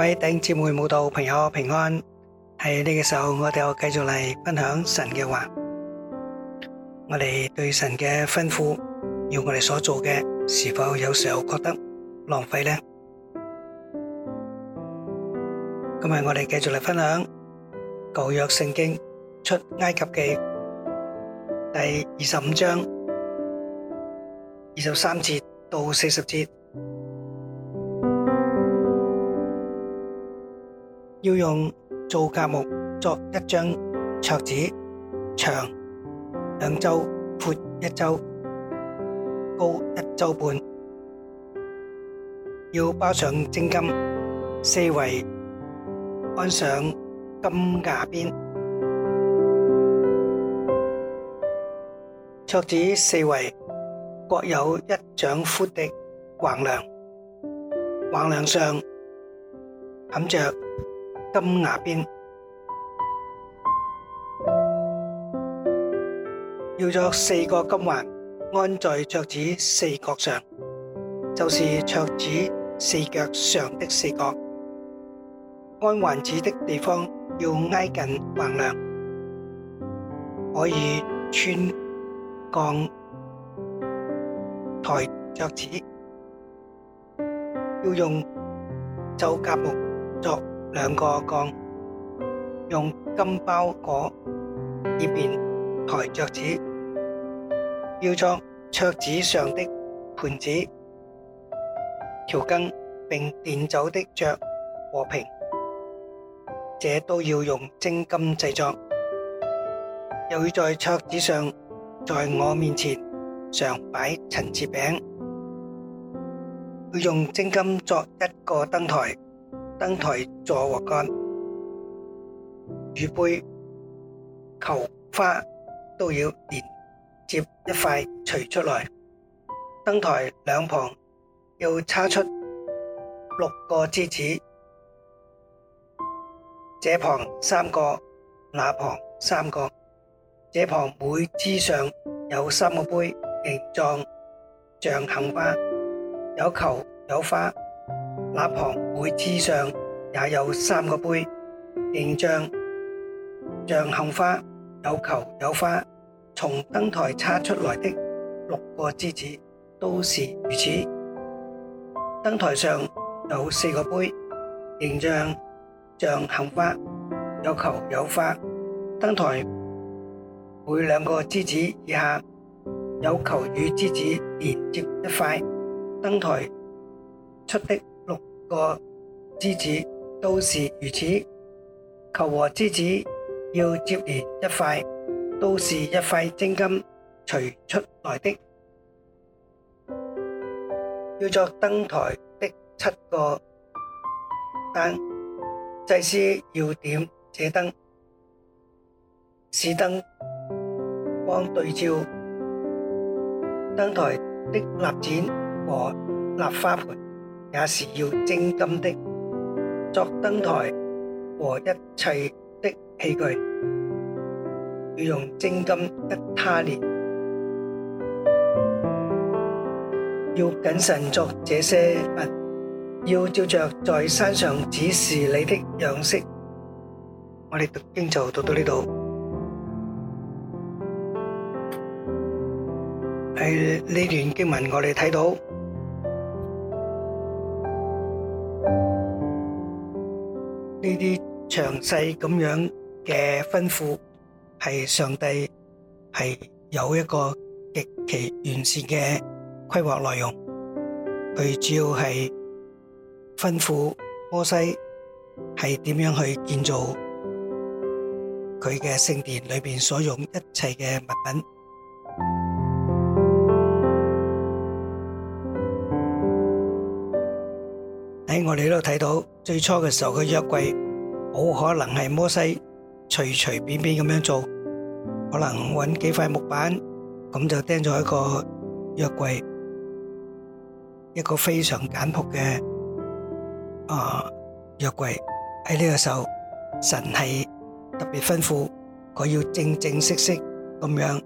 各位弟兄姐妹舞蹈朋友平安，喺呢個時候我哋又繼續嚟分享神嘅話，我哋對神嘅吩咐，要我哋所做嘅，是否有時候覺得浪費呢？今日我哋繼續嚟分享舊約聖經出埃及記第二十五章二十三節到四十節。要用皂莢木作一張桌子，長兩肘，闊一肘，高一肘半，要包上精金，四圍安上金牙邊。桌子四圍各有一掌闊的橫梁，橫梁上冚着。金牙邊，要做四個金環安在桌子四角上，就是桌子四腳上的四角。安環子的地方要挨近橫梁，可以穿槓抬桌子。要用皂莢木做。兩個槓用金包裹，以便抬桌子，要作桌子上的盤子、調羹，並奠酒的爵和瓶，這都要用精金製作。又要在桌子上，在我面前常擺陳設餅，要用精金作一個燈台。燈臺座和杆、與杯、球花都要連接一塊錘出來。燈臺兩旁要杈出六個枝子，這旁三個，那旁三個。這旁每枝上有三個杯形狀，像杏花，有球有花。那旁每枝上也有三個杯，形象像杏花，有球有花。從燈台插出來的六個枝子都是如此。燈台上有四個杯，形象像杏花，有球有花。燈台每兩個枝子以下有球與枝子連接一塊，燈台出的。個枝子都是如此，求和枝子要接連一塊，都是一塊精金錘出來的。要作燈臺的七個燈，祭司要點這燈，使燈光對照燈臺的蠟剪和蠟花盆。也是要精金的，作燈臺和一切的器具，要用精金一他連得。要謹慎作這些物，要照着在山上指示你的樣式。我哋讀經就讀到呢度。喺呢段經文，我哋睇到。呢啲詳細咁樣嘅吩咐，係上帝係有一個極其完善嘅規劃內容。佢主要係吩咐摩西係點樣去建造佢嘅聖殿裏邊所用一切嘅物品。喺我哋呢度睇到。最初嘅時候，個約櫃好可能係摩西隨隨便便咁樣做，可能搵幾塊木板咁就釘咗一個約櫃，一個非常簡樸嘅啊約櫃。喺呢個時候，神係特別吩咐佢要正正式式咁樣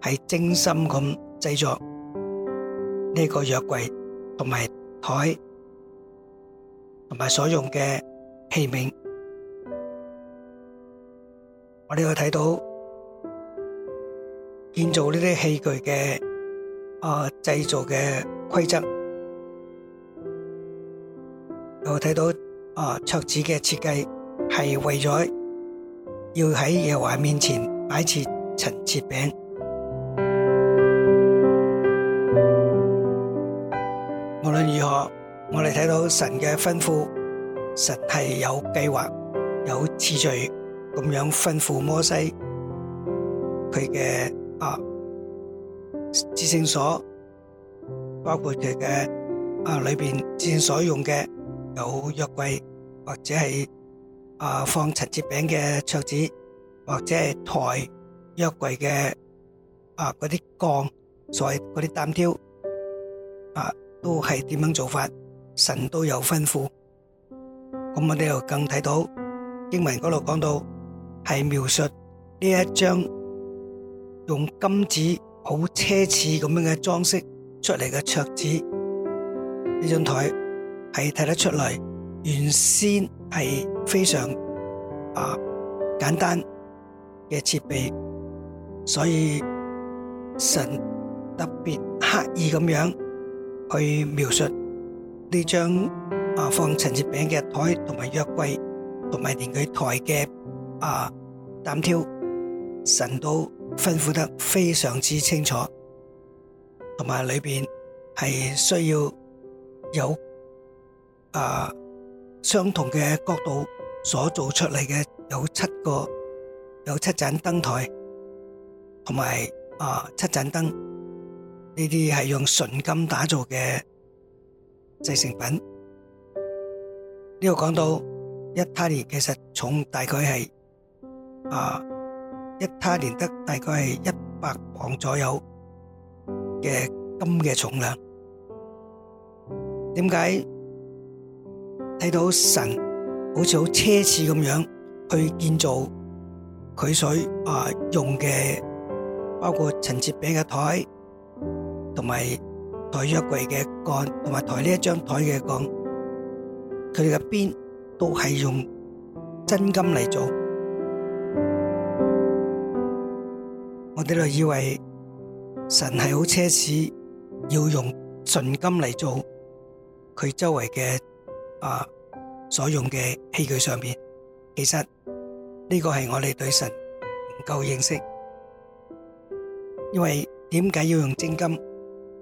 係精心咁製作呢個約櫃同埋台。同埋所用嘅器皿，我哋可睇到建造呢啲器具嘅啊、呃、製造嘅規則，又睇到啊桌、呃、子嘅設計係為咗要喺耶和華面前擺設陳設餅。神嘅吩咐，神係有計劃、有次序咁樣吩咐摩西佢嘅啊，至聖所包括佢嘅啊裏邊至聖所用嘅有約櫃或者係啊放陳設餅嘅桌子或者係抬約櫃嘅啊嗰啲槓，所以嗰啲擔挑啊都係點樣做法？神都有吩咐，咁我哋又更睇到經文嗰度講到係描述呢一張用金子好奢侈咁樣嘅裝飾出嚟嘅桌子，呢張台係睇得出嚟原先係非常啊簡單嘅設備，所以神特別刻意咁樣去描述。呢張啊放陳節餅嘅台，同埋約櫃，同埋連佢台嘅啊擔挑，神都吩咐得非常之清楚，同埋裏邊係需要有啊相同嘅角度所做出嚟嘅，有七個有七盞燈台，同埋啊七盞燈呢啲係用純金打造嘅。製成品呢度講到一他連得，其實重大概係啊一他連得大概係一百磅左右嘅金嘅重量。點解？睇到神好似好奢侈咁樣去建造佢所啊用嘅包括陳設餅嘅枱同埋。抬桌櫃嘅杆，同埋抬呢一張台嘅杆，佢哋嘅邊都係用真金嚟做。我哋就以為神係好奢侈，要用純金嚟做佢周圍嘅啊所用嘅器具上邊。其實呢個係我哋對神唔夠認識，因為點解要用真金？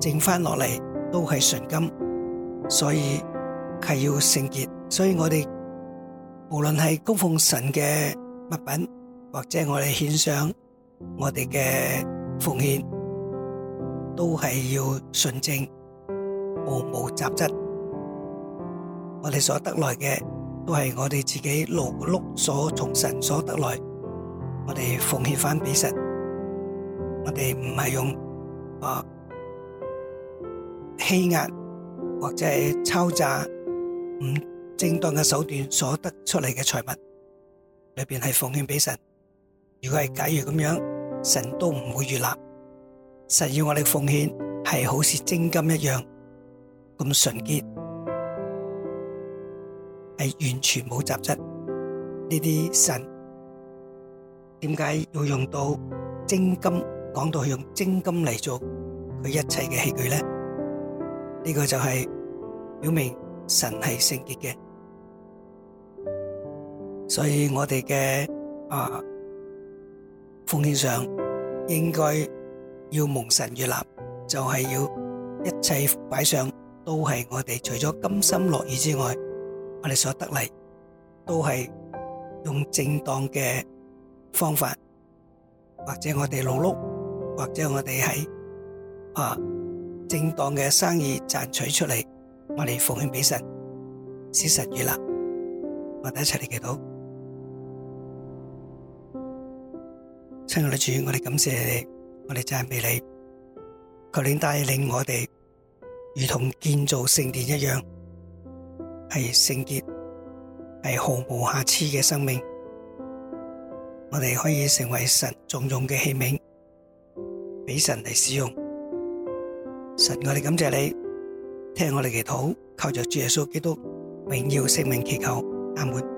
剩翻落嚟都係純金，所以係要聖潔。所以我哋無論係供奉神嘅物品，或者我哋獻上我哋嘅奉獻，都係要純正，毫無雜質。我哋所得來嘅，都係我哋自己勞碌所從神所得來。我哋奉獻翻俾神，我哋唔係用啊。欺壓或者係敲詐唔正當嘅手段所得出嚟嘅財物，裏邊係奉獻俾神。如果係假如咁樣，神都唔會接納。神要我哋奉獻係好似精金一樣咁純潔，係完全冇雜質。呢啲神點解要用到精金，講到用精金嚟做佢一切嘅器具咧？呢個就係表明神係聖潔嘅，所以我哋嘅啊奉獻上應該要蒙神悅納，就係要一切擺上都係我哋除咗甘心樂意之外，我哋所得嚟，都係用正當嘅方法，或者我哋勞碌，或者我哋喺啊。正當嘅生意賺取出嚟，我哋奉獻俾神，事神如啦，我哋一齊嚟祈禱。親愛的主，我哋感謝你，我哋讚美你，求你帶領我哋，如同建造聖殿一樣，係聖潔，係毫無瑕疵嘅生命。我哋可以成為神重用嘅器皿，俾神嚟使用。神，我哋感謝你聽我哋祈禱，靠着主耶穌基督榮耀聖名祈求，阿門。